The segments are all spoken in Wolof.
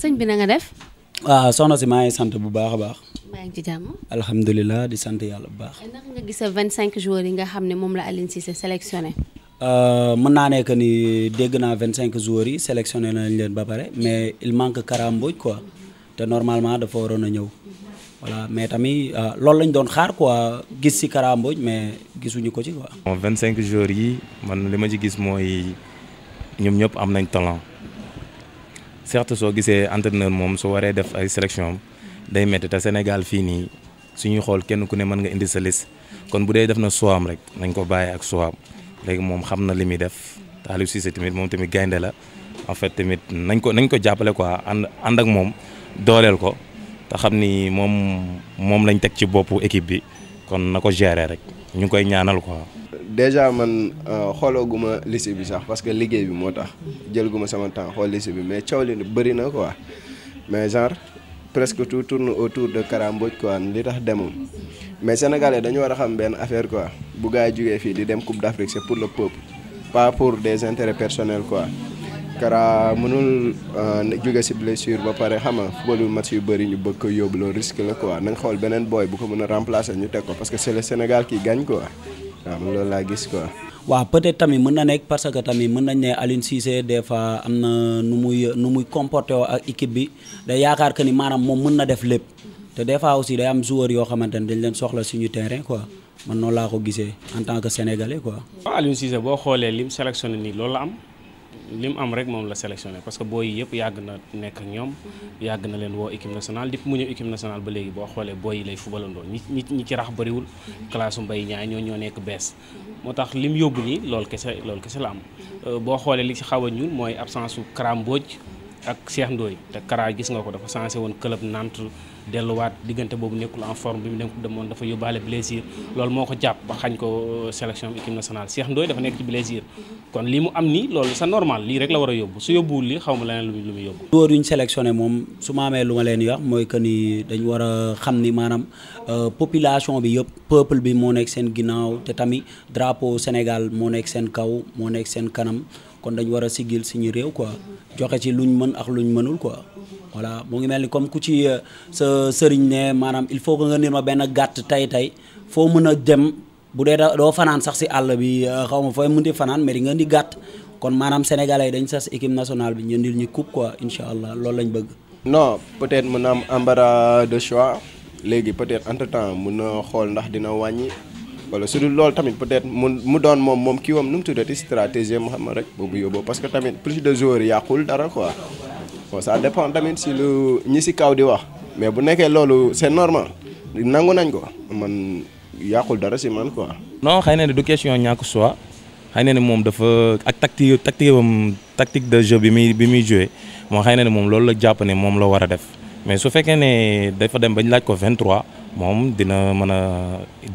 sëñ bi na nga def. waaw ah, soxna si maa ngi sant bu baax a baax. maa ngi ci jàmm. alhamdulilah di sant yàlla bu baax. Eh, ndax nga gis vingt cinq joueurs yi nga xam ne moom la si Cissé sélectionné. Ah, mën naa ne que ni dégg naa vingt cinq joueurs yi sélectionné nañ leen ba pare mais il manque Kara Mbodj quoi mm-hmm. te normalement dafa waroon a ñëw. Mm-hmm. voilà mais tamit euh, loolu lañ doon xaar ko gis si Kara mais gisuñu ko ci quoi. bon vingt cinq jours yi man li ma ci gis mooy ñoom ñëpp am nañ talent certes soo gisee entraîneur moom su waree def ay sélection day métti te Sénégal fii nii suñuy xool kenn ku ne mën nga indi sa liste kon bu dee def na soam rek nañ ko bàyyi ak soam léegi moom xam na li muy def Aliou Cissé tamit moom tamit gaynde la en fait tamit nañ ko nañ ko jàppale quoi ànd ànd ak moom dooleel ko. te xam ni moom moom lañ teg ci boppu équipe bi kon na ko gérer rek ñu ngi koy ñaanal quoi. déjà man euh, xoolooguma liste bi sax parce que liggéey bi moo tax jël guma sama temps xool liste bi mais coow li bëri na quoi mais genre presque tout tour tourne autour de Kara Mbodj quoi li tax demul mais sénégalais dañu war a xam benn affaire quoi bu gaa yi jógee fii di dem coupe d'Afrique c'est pour le peuple pas pour des intérêts personnels quoi. Kara mënul euh, jóge si blessure ba pare xam nga footballu match yu bëri ñu bëgg ko yóbbu loolu risque la quoi nañ xool beneen booy bu ko mën a remplacer ñu teg ko parce que c'est le Sénégal qui gagne quoi waaw man loolu laa gis quoi. waa peut-être tamit mën na nekk parce que tamit mën nañ ne Aliou Cissé des fois am na nu muy nu muy comporté woo ak équipe bi day yaakaar que ni maanaam moom mën na def lépp te des fois aussi day am joueur yoo xamante ne dañ leen soxla suñu terrain quoi man noonu laa ko gisee en tant que sénégalais quoi. waaw Aliou Cissé boo xoolee lim sélectionné nii loolu la am. li mu am rek moom la sélectionné parce que booy yëpp yàgg na nekk ak ñoom yàgg na leen woo équipe nationale depuis mu ñëw équipe nationale ba léegi boo xoolee booy yi lay fubalandoo ñi ñi ñi ci rax bëriwul classe mbay ñaay ñoo ñoo nekk bees moo tax lim yóbbu nii loolu kese loolu kese la am euh, boo xoolee li ci xaw a ñuul mooy absence su Kara ak Cheikh Ndoye te Kara gis nga ko dafa changé woon club Nantes delluwaat diggante boobu nekkul en bi mu nekk demoon dafa yóbbaale blessure moo ko jàpp ba xañ ko euh, sélection équipe nationale Cheikh Ndoye dafa nekk ci blessure kon li mu am ni loolu c'est normal lii rek la war a yóbbu su yóbbuwul li xaw ma leneen lu muy yóbbu. joueur yu ñu sélectionné moom su ma amee lu ma leen mooy que ni dañu war a xam ni maanaam euh, population bi yëpp peuple bi moo nekk seen ginnaaw te tamit drapeau Sénégal moo nekk seen kaw moo nekk seen kanam. kon dañ war a sigil suñu réew quoi joxe ci luñ mën ak luñ mënul quoi voilà mu ngi mel ni comme ku ci euh, sa sëriñ ne maanaam il faut que nga nir ma benn gàtt tey tey foo mën a dem bu dee doo fanaan sax si àll bi euh, xaw ma fooy mënti fanaan mais di nga di gàtt kon maanaam sénégalais dañ sax équipe nationale bi ñëndil ñu coupe quoi incha allah loolu lañ bëgg. non peut-être mën a am embarras de choix léegi peut-être entre temps mën na xool ndax dina wàññi. wala su dul loolu tamit peut-être mu mu doon moom moom kii wam nu mu tuddati stratégie mu xam rek boobu yóbboo parce que tamit plus de joueurs yàqul dara ko bon ça dépend tamit si lu ñi si kaw di wax mais bu nekkee loolu c'est normal nangu nañ ko man yàqul dara si man quoi. non xëy na du question ñàkk choix xëy na moom dafa ak tactique tactique am tactique de jeu bi muy bi muy joué moom xëy na moom loolu la jàpp ne moom la war a def mais su fekkee ne dafa dem bañ laaj ko 23 moom dina mën a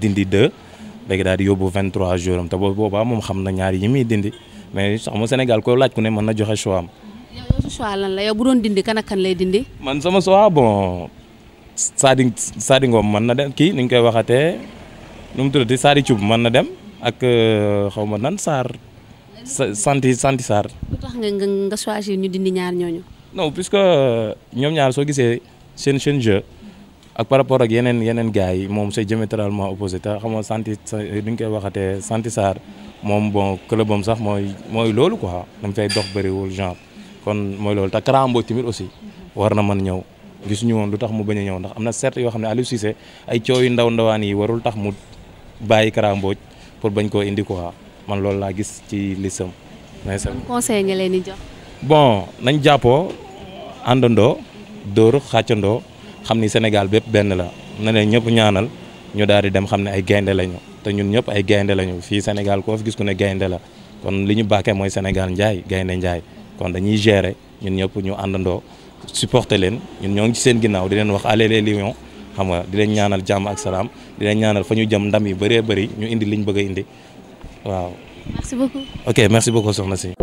dindi 2. légui daal di yóbbu 23 jours am te boobaa moom xam na ñaar yi muy dindi mais sax mu Sénégal ko laaj ku ne mën na joxe choix am. yow yow choix lan la yow bu doon dindi kan ak kan lay dindi. man sama choix bon Sadi Sadi Ngom mën na dem kii ni ñu koy waxatee nu mu tuddati Sadi Thioub mën na dem ak euh, xaw ma nan Sarr. santi santi Sarr. lu tax nga nga nga choisir ñu dindi ñaar ñooñu. non puisque euh, ñoom ñaar soo gisee seen seen jeu. ak par rapport ak yeneen yeneen gars yi moom c'est diamétralement opposé te xam nga santi duñ koy waxatee santi Sarr moom bon club am sax mooy mooy loolu quoi dañ fay dox bëriwul genre kon mooy loolu te Karambo tamit aussi war na mën ñëw gisuñu woon lu tax mu bañ a ñëw ndax am na certes yoo xam ne Aliou Cissé ay coow yu ndaw ndawaan yi warul tax mu bàyyi Karambo pour bañ koo indi quoi man loolu laa gis ci lisam mais sax conseil bon nañ jàppoo àndandoo dóor xàccandoo. xam ni Sénégal bépp benn la na leen ñëpp ñaanal ñu daal di dem xam ne ay gaynde lañu te ñun ñëpp ay gaynde lañu fii Sénégal koo gis ku ne gaynde la kon li ñu bàkkee mooy Sénégal njaay gaynde njaay kon dañuy gérer ñun ñëpp ñu àndandoo supporter leen ñun ñoo ngi ci seen ginnaaw di leen wax allez les xam nga di leen ñaanal jàmm ak salaam di leen ñaanal fa ñu jëm ndam yi bëree bëri ñu indi liñ bëgg indi waaw. merci beaucoup ok merci beaucoup